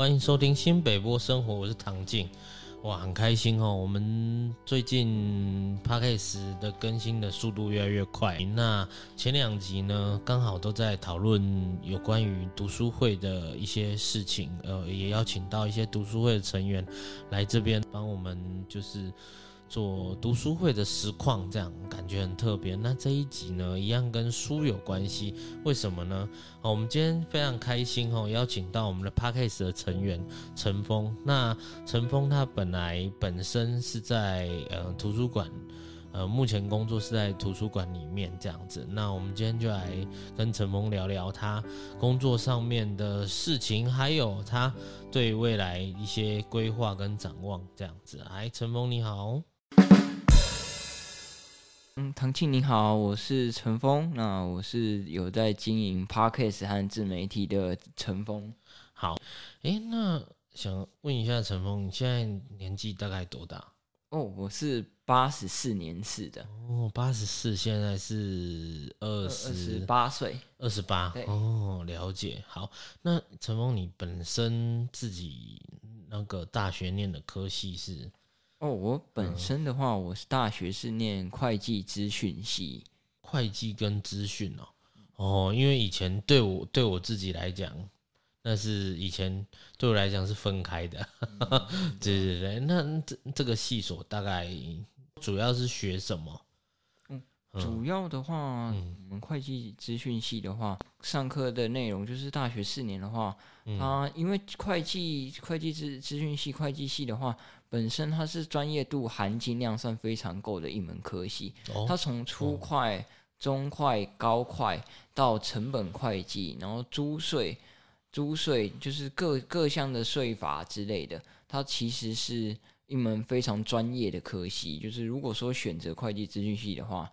歡迎收聽新北播聲活，我是唐靜，哇，很開心哦。我們最近 Podcast 的更新的速度越來越快，那前兩集呢，剛好都在討論有關於讀書會的一些事情，呃，也邀請到一些讀書會的成員來這邊幫我們，就是做讀書會的實況這樣。覺得很特別。那這一集呢，一樣跟書有關係，為什麼呢？好，我們今天非常開心哦，邀請到我們的 Podcast 的成員晟峰。那晟峰他本來本身是在呃圖書館，呃，目前工作是在圖書館裡面這樣子。那我們今天就來跟晟峰聊聊他工作上面的事情，還有他對未來一些規劃跟展望這樣子。哎，晟峰你好。唐慶，你好，我是晟峰。那我是有在經營 Podcast 和自媒體的晟峰。好，哎、欸，那想問一下晟峰，你現在年紀大概多大？哦，我是八十四年次的。哦，八十四，現在是二十八歲。二十八，哦，了解。好，那晟峰，你本身自己那個大學念的科系是？哦，我本身的話，嗯、我是大學是念會計資訊系，會計跟資訊哦。哦，因為以前對我對我自己來講，那是以前對我來講是分開的。嗯、 對對對，那這這個系所大概主要是學什麼？嗯，嗯主要的話，我、嗯、們會計資訊系的話，嗯、上課的內容就是大學四年的話，它、嗯啊、因為會計會計資資訊系會計系的話。本身它是專業度含金量算非常夠的一門科系，哦、它從初會、嗯、中會、高會到成本會計，然後租稅、租稅就是各各項的稅法之類的，它其實是一門非常專業的科系。就是如果說選擇會計資訊系的話，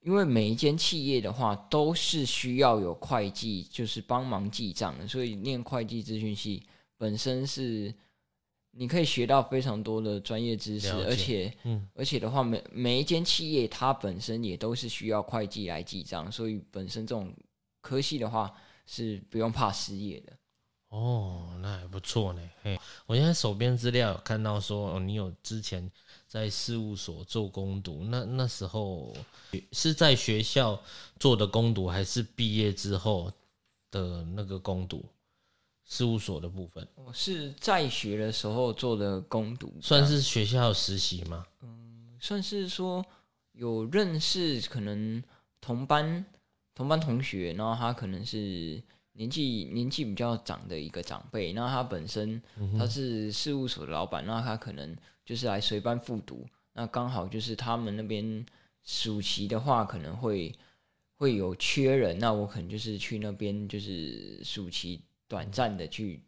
因為每一間企業的話都是需要有會計，就是幫忙記賬的，所以念會計資訊系本身是。你可以學到非常多的專業知識，而且，嗯、而且的話，每每一間企業它本身也都是需要會計來記賬，所以本身這種科系的話是不用怕失業的。哦，那還不錯呢。嘿，我現在手邊資料有看到說，哦，你有之前在事務所做工讀，那那時候是在學校做的工讀，還是畢業之後的那個工讀？事務所的部分，我、哦、是在學的時候做的工讀，算是學校實習嗎？嗯，算是說有認識，可能同班同班同學，然後他可能是年紀年紀比較長的一個長輩，然後他本身他是事務所的老板、嗯，那他可能就是來隨班復讀，那剛好就是他們那邊暑期的話，可能會會有缺人，那我可能就是去那邊就是暑期。短暫的去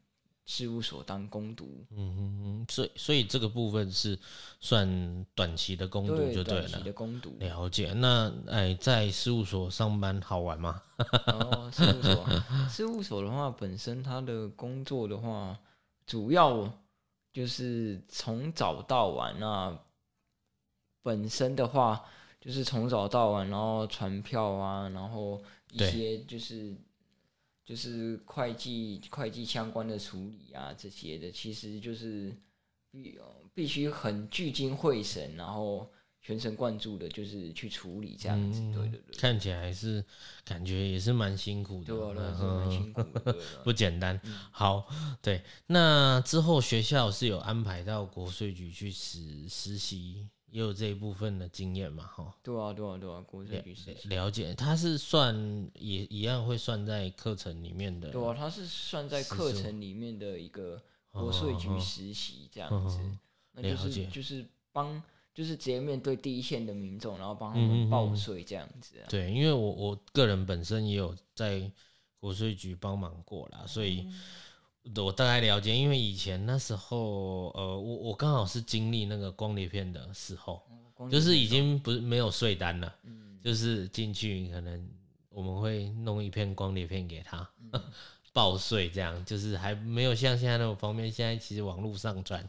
事務所當工讀，嗯哼，哼所以所以這個部分是算短期的工讀就對了。對的，了解。那哎、欸，在事務所上班好玩嗎？事務所， 事務所的話，本身他的工作的話，主要就是從早到晚啊。那本身的話就是從早到晚，然後傳票啊，然後一些就是。就是會計、會計相關的處理啊，這些的，其實就是必須很聚精會神，然後全神貫注的，就是去處理這樣子。嗯、對對對，看起來還是感覺也是蠻辛苦的，對啊，對對對蠻辛苦，對對對 不簡單。好，對，那之後學校是有安排到國稅局去實實習。也有這一部分的經驗嘛，哈？對啊，對啊，對啊，國稅局實習。了解，他是算也一樣會算在課程裡面的。對啊，他是算在課程裡面的一個國稅局實習這樣子。哦哦哦這樣子哦哦，那就是就是幫，就是直接面對第一線的民眾，然後幫他們報稅這樣子啊。嗯。對，因為我我個人本身也有在國稅局幫忙過啦，所以。嗯我大概了解，因為以前那時候，呃，我我剛好是經歷那個光碟片的時候，就是已經不是沒有稅單了，嗯、就是進去可能我們會弄一片光碟片給他。嗯呵呵報稅這樣，就是還沒有像現在那麼方便。現在其實網絡上傳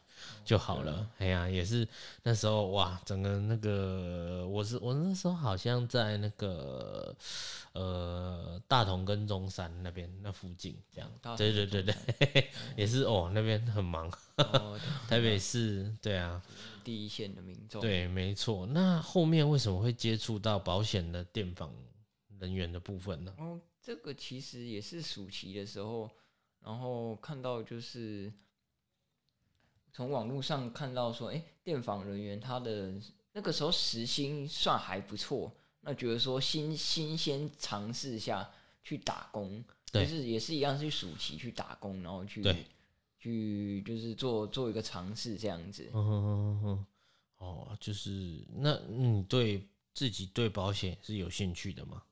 就好了。哎、哦、呀、啊啊，也是那時候哇，整個那個我是我那時候好像在那個呃大同跟中山那邊那附近這樣。對、哦、對對對，也是，哦，也是哦，那邊很忙、哦啊。台北市對啊，第一線的民眾。對，沒錯。那後面為什麼會接觸到保險的電訪？人員的部分呢？哦，這個其實也是暑期的時候，然後看到就是從網絡上看到說，哎、欸，電訪人員他的那個時候時薪算還不錯，那覺得說新新鮮嘗試下去打工，就是也是一樣去暑期去打工，然後去去就是做做一個嘗試這樣子。嗯嗯嗯，哦，就是，那你對自己對保險是有興趣的嗎？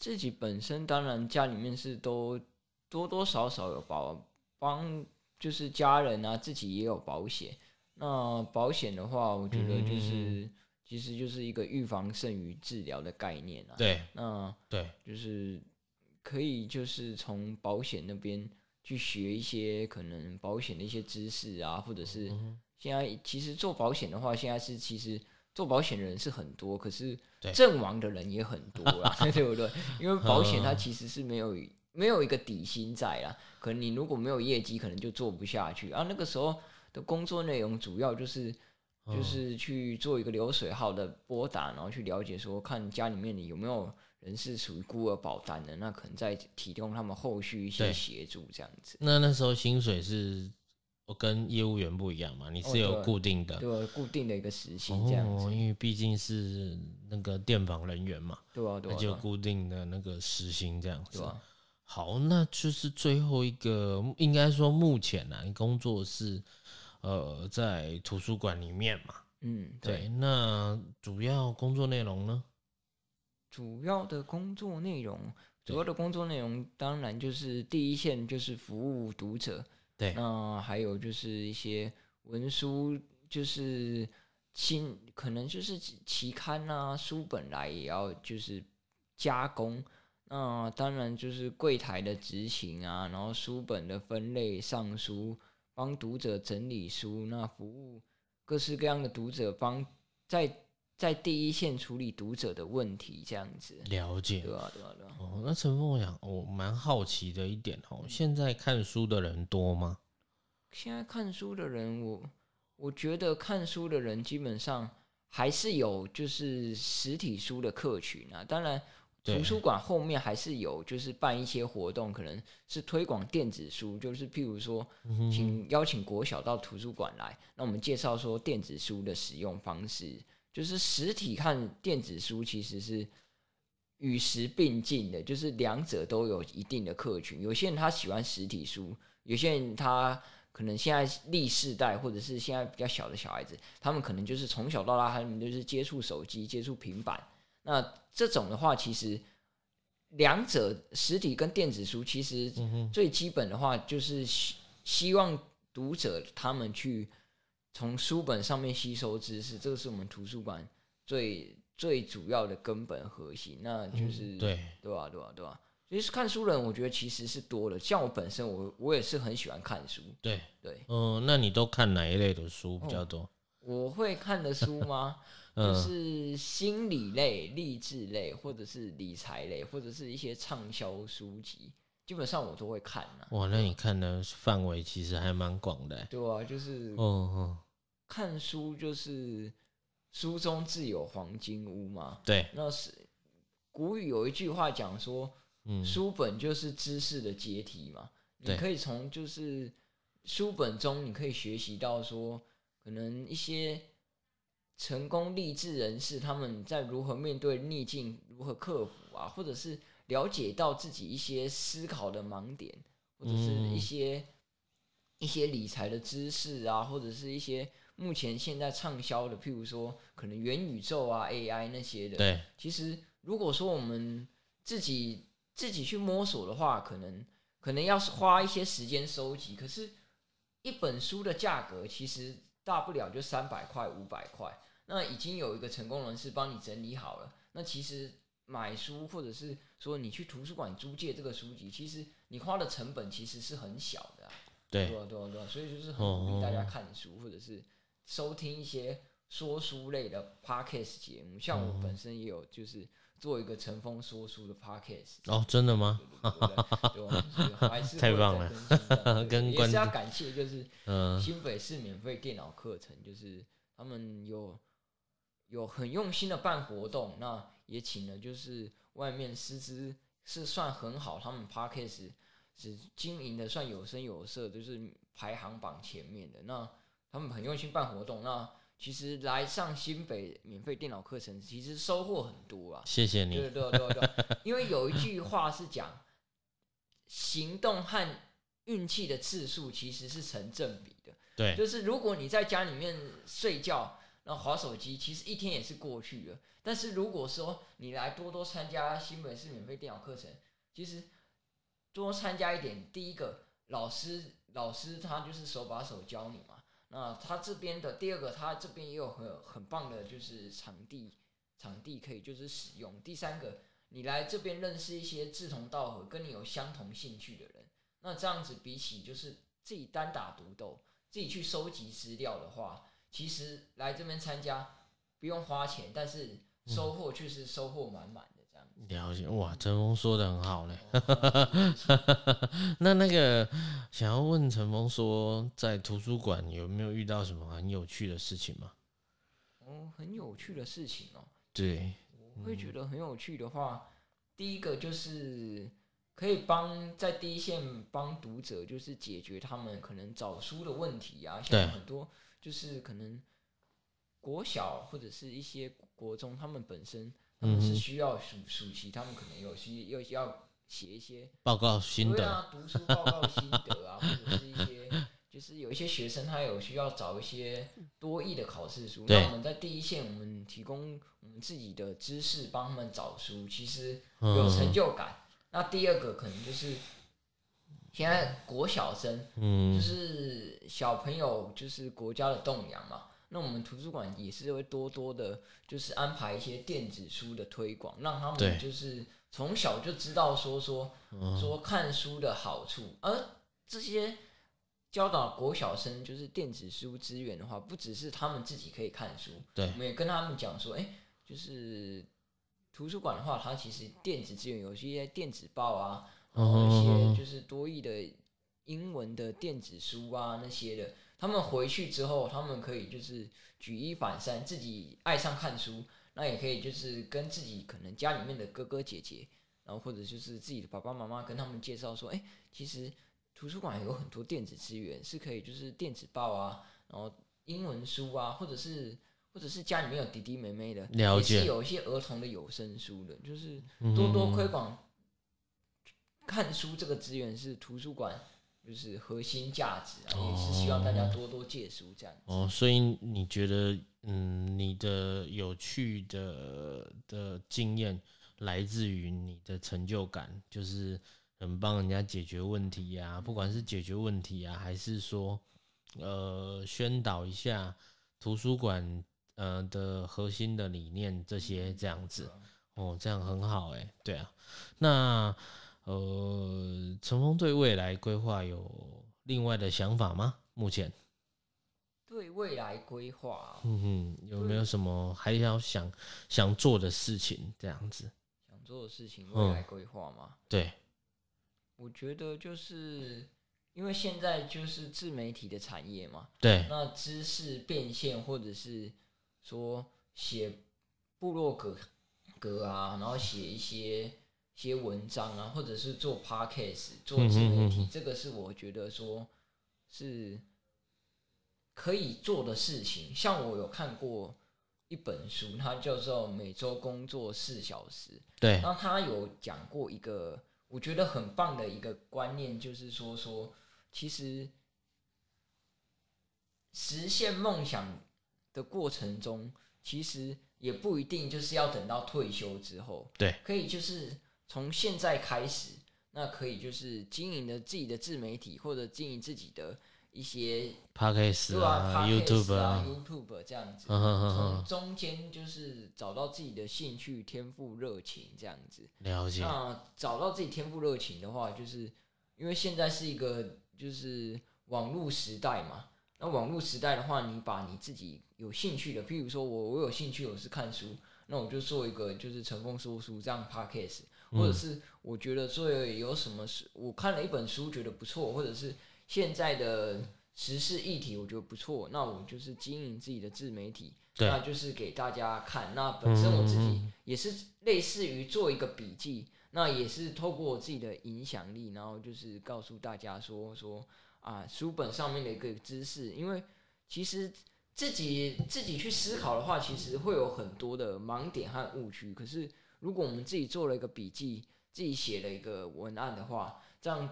自己本身當然家裡面是都多，多多少少有保幫，就是家人啊，自己也有保險。那保險的話，我覺得就是嗯嗯嗯其實就是一個預防勝於治療的概念啊。對，那對，就是可以就是從保險那邊去學一些可能保險的一些知識啊，或者是現在其實做保險的話，現在是其實。做保險人是很多，可是陣亡的人也很多了，對不對？ 因為保險它其實是沒有沒有一個底薪在啦，嗯、可能你如果沒有業績，可能就做不下去。啊，那個時候的工作內容主要就是就是去做一個流水號的撥打、嗯，然後去了解說看家裡面有沒有人是屬於孤兒保單的，那可能再提供他們後續一些協助這樣子。那那時候薪水是？跟業務員不一樣嘛，你是有固定的，哦、對、對，固定的一個時薪這樣，哦、因為畢竟是那個電訪人員嘛，對啊，對啊，那就固定的那個時薪這樣子對、啊對啊，對啊。好，那就是最後一個，應該說目前呢、啊，工作是呃在圖書館裡面嘛，嗯對，對。那主要工作內容呢？主要的工作內容，主要的工作內容當然就是第一線就是服務讀者。那還有就是一些文書，就是新可能就是期刊啊，書本來也要就是加工。那當然就是櫃檯的執行啊，然後書本的分類上書，幫讀者整理書，那服務各式各樣的讀者，幫在。在第一線處理讀者的問題，這樣子了解。哦、對啊對啊對啊。哦，那晟峰，我想我蠻好奇的一點哦、嗯，現在看書的人多嗎？現在看書的人我，我我覺得看書的人基本上還是有，就是實體書的客群啊。當然，圖書館後面還是有，就是辦一些活動，可能是推廣電子書，就是譬如說請，請、嗯、邀請國小到圖書館來，那我們介紹說電子書的使用方式。就是實體和電子書其實是與時並進的，就是兩者都有一定的客群。有些人他喜歡實體書，有些人他可能現在是立世代或者是現在比較小的小孩子，他們可能就是從小到大他們就是接觸手機、接觸平板。那這種的話，其實兩者實體跟電子書其實最基本的話，就是希望讀者他們去。從書本上面吸收知識，這個是我們圖書館最最主要的根本核心，那就是、嗯、對，對吧、啊？對吧、啊？對吧、啊？其實看書的人，我覺得其實是多的。像我本身我，我我也是很喜歡看書，對對，嗯、呃，那你都看哪一類的書、哦、比較多？我會看的書嗎？ 嗯、就是心理類、勵志類，或者是理財類，或者是一些暢銷書籍。基本上我都會看的、啊。哇，那你看的範圍其實還蠻廣的、欸。對啊，就是，看書就是書中自有黃金屋嘛。對，那是古語有一句話講說，書本就是知識的階梯嘛、嗯。你可以從就是書本中，你可以學習到說，可能一些成功勵志人士他們在如何面對逆境、如何克服啊，或者是。了解到自己一些思考的盲點，或者是一些一些理財的知識啊，或者是一些目前現在暢銷的，譬如說可能元宇宙啊、AI 那些的。其實如果說我們自己自己去摸索的話，可能可能要花一些時間收集。可是，一本書的價格其實大不了就三百塊、五百塊。那已經有一個成功人士幫你整理好了。那其實買書或者是。說你去圖書館租借這個書籍，其實你花的成本其實是很小的、啊。對，對，對，對，所以就是很鼓勵大家看書，哦哦或者是收聽一些說書類的 podcast 節目。哦、像我本身也有，就是做一個晟峰說書的 podcast 哦對對對。哦對對對，真 的嗎？太棒了對！跟也是要感謝，就是新北市免費電腦課程，呃、就是他們有有很用心的辦活動，那也請了就是。外面師資是算很好，他們 Podcast 是經營的算有聲有色，就是排行榜前面的。那他們很用心辦活動，那其實來上新北免費電腦課程，其實收穫很多啊。謝謝你。對對對對， 因為有一句話是講，行動和運氣的次數其實是成正比的。對，就是如果你在家裡面睡覺。那滑手機其實一天也是過去了，但是如果說你來多多參加新北市免費電腦課程，其實多參加一點，第一個老師老師他就是手把手教你嘛，那他這邊的第二個他這邊也有很有很棒的，就是場地場地可以就是使用，第三個你來這邊認識一些志同道合、跟你有相同興趣的人，那這樣子比起就是自己單打獨鬥、自己去收集資料的話。其實來這邊參加不用花錢，但是收穫確實收穫滿滿的這樣子，嗯。了解哇，晟峰說得很好嘞，嗯。嗯、 那那個想要問晟峰說，在圖書館有沒有遇到什麼很有趣的事情嗎？哦，嗯，很有趣的事情哦，喔。對。我會覺得很有趣的話，嗯，第一個就是。可以幫在第一線幫讀者，就是解決他們可能找書的問題啊。像很多就是可能國小或者是一些國中，他們本身他們是需要暑暑期，嗯、其他們可能有需又要寫一些報告心得啊，讀書報告心得啊， 或者是一些就是有一些學生他有需要找一些多益的考試書、嗯。那我們在第一線，我們提供我們自己的知識，幫他們找書，其實有成就感。嗯那第二個可能就是，現在國小生，就是小朋友就是國家的棟梁嘛。那我們圖書館也是會多多的，就是安排一些電子書的推廣，讓他們就是從小就知道說說說看書的好處。而這些教導國小生就是電子書資源的話，不只是他們自己可以看書，對，我們也跟他們講說，哎、欸，就是。圖書館的話，它其實電子資源有一些電子報啊，然後一些就是多益的英文的電子書啊那些的。他們回去之後，他們可以就是舉一反三，自己愛上看書，那也可以就是跟自己可能家裡面的哥哥姐姐，然後或者就是自己的爸爸媽媽，跟他們介紹說，誒，其實圖書館有很多電子資源，是可以就是電子報啊，然後英文書啊，或者是。或者是家裡面有弟弟妹妹的，了解也是有一些兒童的有聲書的，就是多多推廣看書這個資源，是圖書館就是核心價值，哦、也是希望大家多多借書這樣子。哦，所以你覺得，嗯，你的有趣的的經驗來自於你的成就感，就是很幫人家解決問題呀、啊，不管是解決問題啊，還是說呃宣導一下圖書館。嗯、呃，的核心的理念、這些這樣子哦，這樣很好哎、欸，對啊。那呃，晟峰對未來規劃有另外的想法嗎？目前對未來規劃，嗯哼有沒有什麼還要想想做的事情這樣子？想做的事情，未來規劃嗎、嗯？對，我覺得就是因為現在就是自媒體的產業嘛，對，那知識變現或者是。說寫部落格格啊，然後寫一些些文章啊，或者是做 podcast 做自媒體，嗯嗯嗯嗯，這個是我覺得說是可以做的事情。像我有看過一本書，它叫做《每週工作四小時》。對，那他有講過一個我覺得很棒的一個觀念，就是說說其實實現夢想。的過程中，其實也不一定就是要等到退休之後，對，可以就是從現在開始，那可以就是經營了自己的自媒體，或者經營自己的一些 podcast 啊、啊 podcast YouTube 啊、YouTube 這樣子，從中間就是找到自己的興趣、天賦、熱情這樣子。了解。那、啊、找到自己天賦、熱情的話，就是因為現在是一個就是網絡時代嘛。那網絡時代的話，你把你自己有興趣的，譬如說，我我有興趣，我是看書，那我就做一個就是晟峰說書這樣的 podcast，、嗯、或者是我覺得做有什麼是我看了一本書覺得不錯，或者是現在的時事議題我覺得不錯，那我就是經營自己的自媒體，那就是給大家看。那本身我自己也是類似於做一個筆記，嗯、那也是透過我自己的影響力，然後就是告訴大家說說。啊，書本上面的一個知識，因為其實自己自己去思考的話，其實會有很多的盲點和誤區。可是如果我們自己做了一個筆記，自己寫了一個文案的話，這樣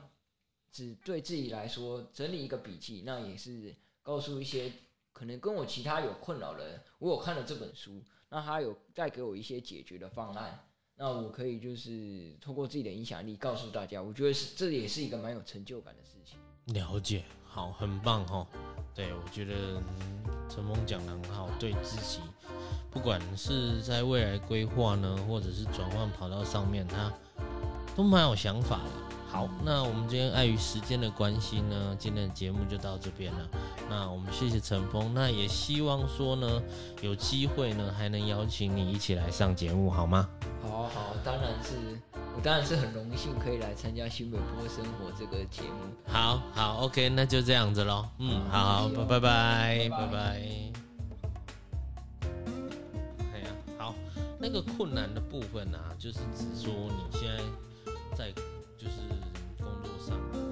只對自己來說整理一個筆記，那也是告訴一些可能跟我其他有困擾的人，我有看了這本書，那他有帶給我一些解決的方案，那我可以就是透過自己的影響力告訴大家，我覺得是這也是一個蠻有成就感的事情。了解，好，很棒哦。對，我覺得晟峰講的很好，對自己，不管是在未來規劃呢，或者是轉換跑道上面，他都蠻有想法的。好，那我們今天礙於時間的關係呢，今天的節目就到這邊了。那我們謝謝晟峰，那也希望說呢，有機會呢還能邀請你一起來上節目，好嗎？好啊，好啊，好啊，當然是。我當然是很榮幸可以來參加《新北播聲活》這個節目。好，好，OK，那就這樣子嘍。嗯，好，好，謝謝，好，拜拜拜拜拜拜。哎呀，好，那個困難的部分啊，就是指說你現在在就是工作上啊。